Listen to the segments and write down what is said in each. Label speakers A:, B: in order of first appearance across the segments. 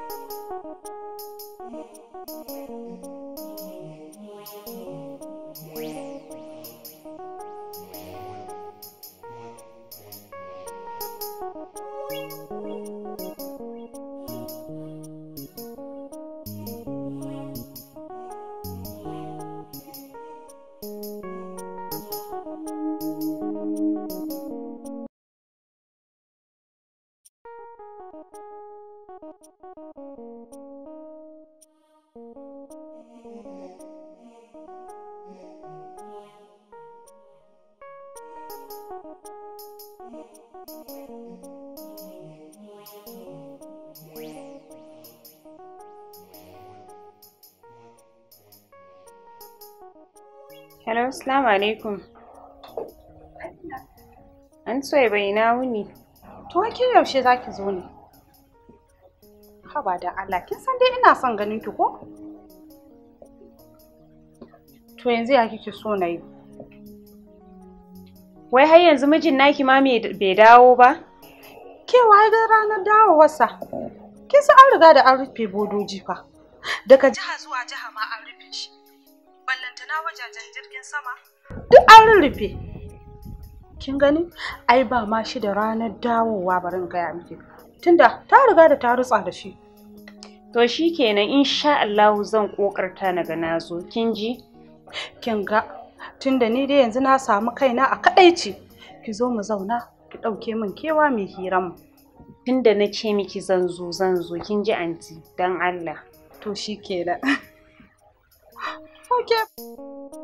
A: Thank you. Hello, Assalamu alaikum. An soya bai na wuni. To, kin yaushe za ki zo ne? haba da Allah kin san dai ina son ganin ki ko to yanzu ya kike so na yi wai har yanzu mijin naki ma bai dawo ba ke wai da ranar dawowarsa kin san an riga da an rufe bodoji fa daga jiha zuwa jiha ma an rufe shi ballantana wajajen jirgin sama duk an rufe kin gani ai ba ma shi da ranar dawowa barin gaya miki tunda ta riga da ta rutsa da shi To shi kenan insha Allahu zan kokarta na ga nazo kin ji? Kin ga tunda ni dai yanzu na samu kaina a kadaici ki zo mu zauna ki ɗauke min kewa mai hiran tunda na ce miki zan zo zan zo kin ji anti dan Allah to shi kenan Okay.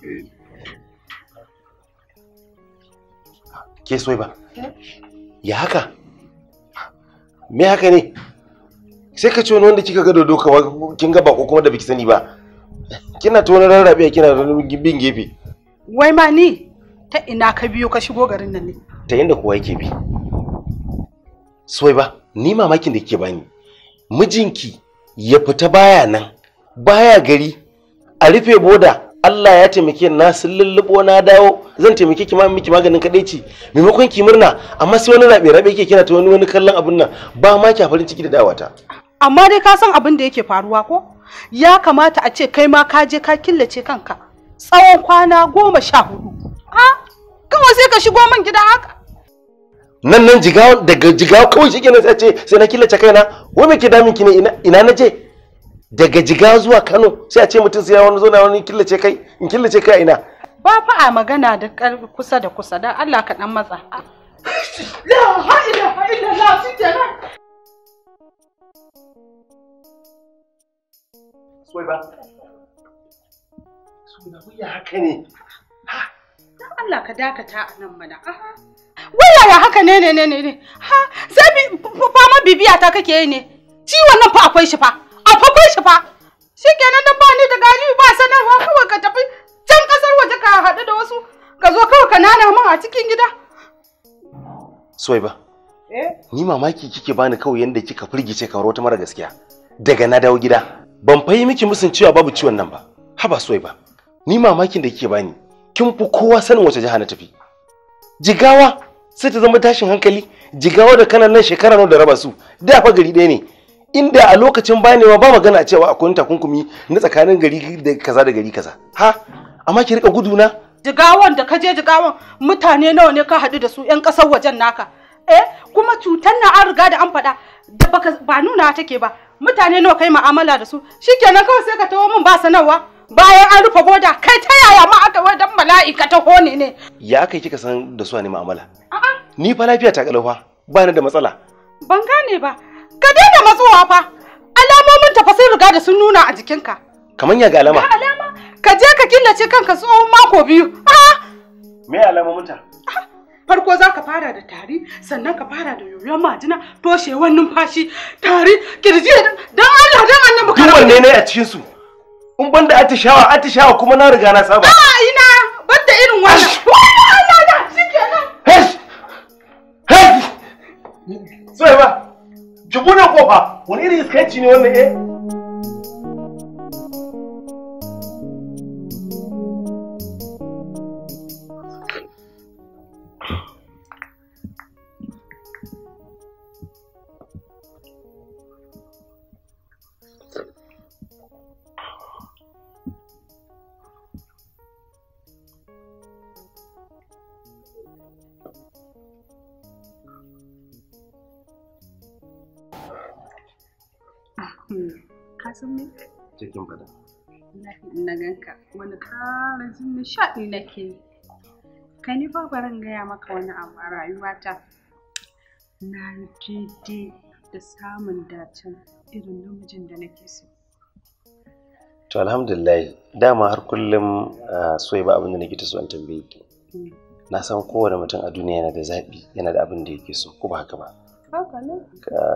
B: Good. ke so ba eh? ya haka me haka ne sai ka ce wani wanda kika ga dodo kamar kin ga bako kuma da biki sani ba kina ta wani rarrabe kina da bin gefe
A: wai ma ni ta ina ka biyo ka shigo garin nan ne
B: ta inda kowa yake bi soyi ba ni mamakin da kike bani mijinki ya fita baya nan baya gari a rufe boda Allah ya taimake na sun lullubo na dawo zan taimake ki miki maganin kadaici maimakon ki murna amma sai wani rabe rabe yake kina ta wani wani kallon abun nan ba ma ki farin ciki da dawata
A: amma dai ka san abin da yake faruwa ko ya kamata a ce kai ma ka je ka killace kanka tsawon kwana goma sha hudu a kawai sai ka shigo min gida haka
B: nan nan jiga daga jigawa kawai shi kenan sai ce sai na killace kaina wai me ke damin ki ne ina na je daga jigawa zuwa kano sai a ce mutum sai ya wani zo na wani killace kai in killace
A: kai ina Ba fa a magana da kusa da kusa don Allah ka dan matsa. La ha'ila ha'ila la su
B: Soy ba. So da wuya
A: haka ne. Don Allah ka dakata a nan mana. Waya ya haka ne ne ne ne ne. Ha sai fama bibiya ta kake yi ne. Ciwon nan fa akwai shi fa. Akwai shi fa. Suwai ba. Eh?
B: Ni mamaki kike bani kawai yanda kika firgice ka wata mara gaskiya. Daga na dawo gida. Ban fayi miki musun cewa babu ciwon nan ba. Haba Suwai ba. Ni mamakin da kike bani. Kin fi kowa sanin wace jiha na tafi. Jigawa sai ta zama tashin hankali. Jigawa da kanan nan shekara nawa da raba su. Da fa gari ɗaya ne. Inda a lokacin bayanewa ba magana cewa akwai takunkumi na tsakanin gari da kaza da gari kaza. Ha?
A: Amma ki rika na. jigawan da ka je jigawan mutane nawa ne ka haɗu da su 'yan ƙasar wajen naka eh kuma cutar na an riga da an faɗa da baka ba nuna take ba mutane nawa kai ma'amala da su shikenan kawai sai ka tawo min ba sanarwa bayan an rufe boda kai ta yaya ma aka wai dan mala'ika ta hone ne
B: ya kai kika san da su ne mu'amala a'a ni fa lafiya ta kalofa ba ni da matsala
A: ban gane ba ka daina matsowa fa alamomin ta fa sun riga da sun nuna a jikinka
B: kamar ya ga alama
A: Ka je ka killace kanka tsohon mako biyu.
B: Me alamominta?
A: Farko za ka fara da tari, sannan ka fara da yoyon majina, toshewar numfashi, tari, kirji Dan don Allah don annabi ka wanne ne
B: a cikin su? In banda atishawa,
A: atishawa kuma na riga na saba. A ina, banda irin wannan. Allah da shikenan. Hesh.
B: Hesh. Sai ba. Jibuna kofa, wani irin iskanci ne wannan eh?
A: ka cikin na ganka wani ƙarar jin nishaɗi nake ka ni fa barin gaya maka wani abu a rayuwata na yi da samun dacin irin namijin da nake so
B: to alhamdulillah dama har kullum soyi ba abin da nake ta so an tambaye ki mm. na san kowane mutum a duniya yana da zaɓi yana da abin da yake so ko ba haka ba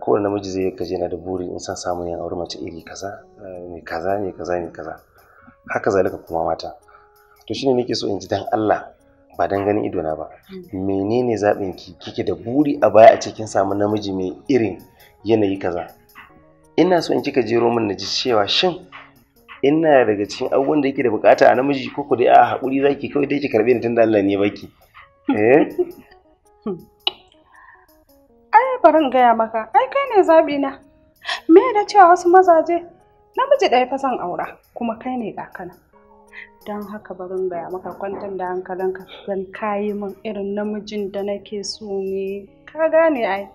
B: kowane namiji zai kaje na da buri in san samun yin aure mace iri kaza eh, mai kaza mai kaza mai kaza haka zalika kuma mata to shine nake so in ji dan Allah ba dan ganin idona ba mm. menene zaɓin ki kike da buri a baya a cikin samun namiji mai irin yanayi kaza ina so in kika jero min na ji cewa shin ina daga cikin abubuwan da yake da bukata a namiji ko ku dai a haƙuri zaki kawai dai ki karɓe ni tunda Allah ne baki eh
A: barin gaya maka, ai kai ne zabi na. Me da cewa wasu mazaje, namiji ɗaya fa zan aura, kuma kai ne kana Don haka barin gaya maka kwantar da hankalinka zan kayi min irin namijin da nake so ne. Ka gane ai.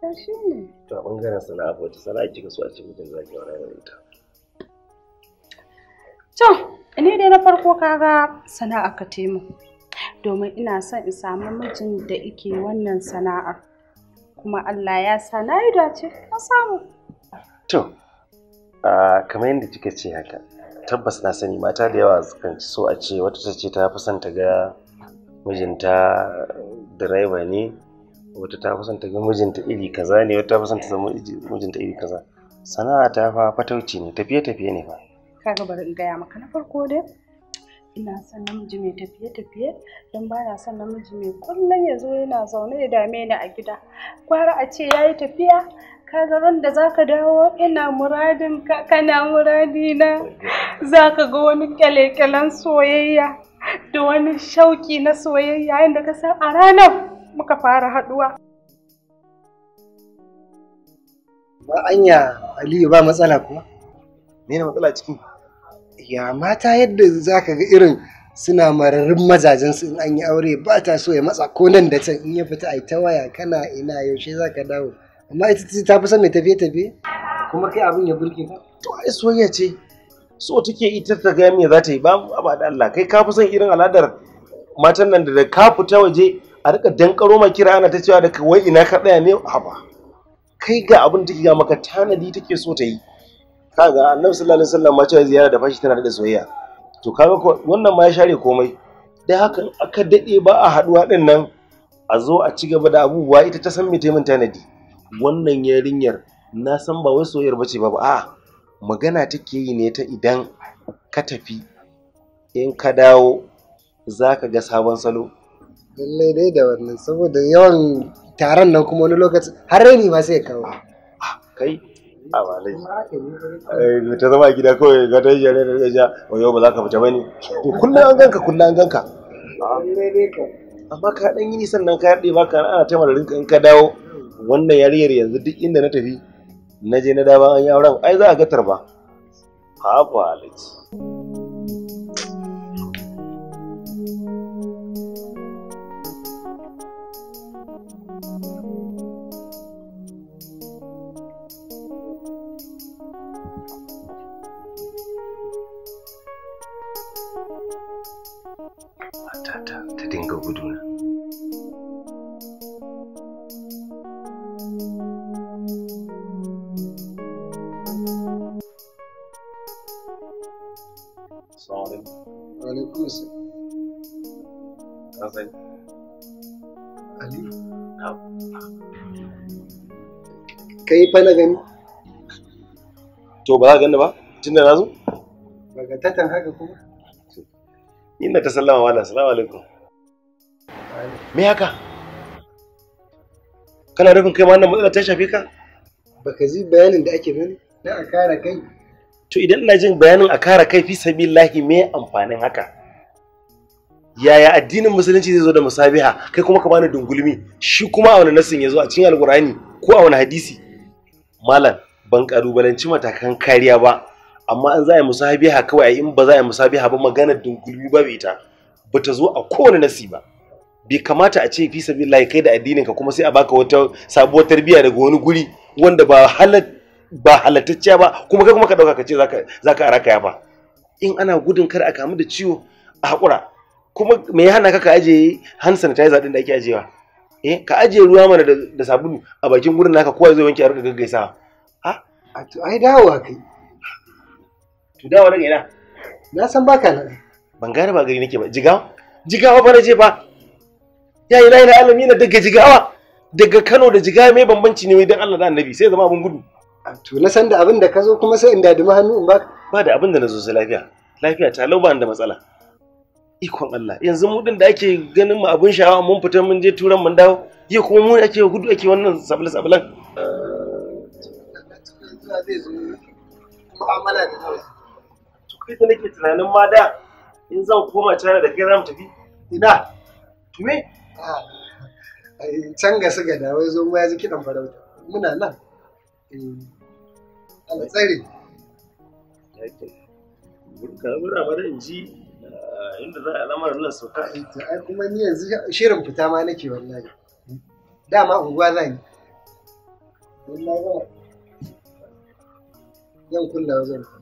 A: Ta shi ne.
B: To a ɓangaren sana'a wata sana'a kika so a ci mutum za ki da ita.
A: To, ni dai na farko kaga sana'a ka taimu. Domin ina son in samu mijin da ike wannan sana'ar. kuma Allah ya sa na yi dace na samu.
B: To, kamar yadda kika ce haka, tabbas na sani mata da yawa kan so a ce wata ta ce ta fi son ta ga mijinta direba ne, wata ta fi son ta ga mijinta iri kaza ne, wata ta fi son ta zama mijinta iri kaza. Sana'a ta fa fatauci ne, tafiye-tafiye ne fa.
A: Kaga bari in gaya maka na farko dai. ina son namiji mai tafiye-tafiye don ba na son namiji mai kullum ya zo yana zaune ya dame ni a gida kwara a ce ya yi tafiya ka ga da za ka dawo ina muradin ka kana muradina za ka ga wani kyale soyayya da wani shauki na soyayya yadda ka san a ranar muka fara haduwa
B: ba anya aliyu ba matsala kuma ne matsala cikin ya mata yadda za ka ga irin suna mararin mazajensu in an yi aure ba ta so ya matsa ko nan da can in ya fita a ta waya kana ina yaushe za ka dawo amma ita ce ta fi son mai tafiye-tafiye kuma kai abin ya burge ta to ai soyayya ce so take ita ta ga me za ta yi ba ba da Allah kai ka fi son irin al'adar matan nan da ka fita waje a rika dankaro ma kira ana ta cewa da wai ina ka tsaya ne haba kai ga abin take ga maka tanadi take so ta yi kaga annabi sallallahu alaihi wasallam ma cewa ziyara da fashi tana da soyayya to kaga wannan ma ya share komai dai haka aka dade ba a haduwa din nan a zo a ci gaba da abubuwa ita ta san me ta min tanadi wannan yarinyar na san ba wai soyayyar bace ba a'a magana take yi ne ta idan ka tafi in ka dawo za ga sabon salo lallai dai da wannan saboda yawan taron nan kuma wani lokaci har raini ma sai kawo ah, kai a malai eh, ta zama a gida kawai ga ta yi jare da ja wayo ba za ka fita ba ne? kullum an ganka kullum an ganka amma ka dan yi nisan nan ka yarda ba ka ana ta mararin in ka dawo wannan yariyar yanzu duk inda na tafi na je na dawo an yi auren ai za a ga tarba ha ba alaji gudu na. Kai fa na gani? To ba za ka gani ba? Tun da na zo? Bagatatan haka kuma? Ina ta sallama wa Allah. Assalamu alaikum. me haka kana nufin kai ma wannan matsalar ta shafe ka baka ji bayanin da ake bani na a kara kai to idan ina jin bayanin a kara kai fi sabilillahi me amfanin haka yaya addinin musulunci zai zo da musabiha kai kuma ka bani dungulmi shi kuma a wani nasin ya zo a cikin alkurani ko a wani hadisi malam ban kalubalanci matakan kariya ba amma an za a yi musabiha kawai in ba za a yi musabiha ba maganar dungulmi ba ita ba ta zo a kowane nasi ba bai kamata a ce fi sabilillahi kai da addinin ka kuma sai a baka wata sabuwar tarbiyya daga wani guri wanda ba halat ba halattacciya ba kuma kai kuma ka dauka ka ce zaka zaka araka ya ba in ana gudun kar a kamu da ciwo a hakura kuma me ya hana ka ka aje hand sanitizer din da ake ajewa eh ka aje ruwa mana da sabulu a bakin gurin naka kowa zai wanke a rika gaggaisawa ha a to ai dawowa kai to dawowa daga ina na san baka nan ban gane ba gari nake ba jigawa jigawa ba na je ba ya ilahi na alamina daga jigawa daga Kano da jigawa mai bambanci ne don Allah da Annabi sai zama abin gudu ah, to na san da abin da ka zo kuma sai in dadima hannu in baka ba da abin da na zo sai lafiya lafiya ta lau ba da matsala ikon Allah yanzu mu din da ake ganin mu abin sha'awa mun fita mun je turan mun dawo yau kuma mu ake gudu ake wannan sabula sabulan da nake tunanin ma da in zan koma China da kai za mu tafi ina Tume. can ga suka da wai zo ya ji kiɗan farauta muna nan eh. ala tsare kamar bari in ji ah, inda za a lamarin nan sauka ai kuma ni yanzu shirin fita ma nake wallahi dama unguwa za ni wallahi yau kulla wajen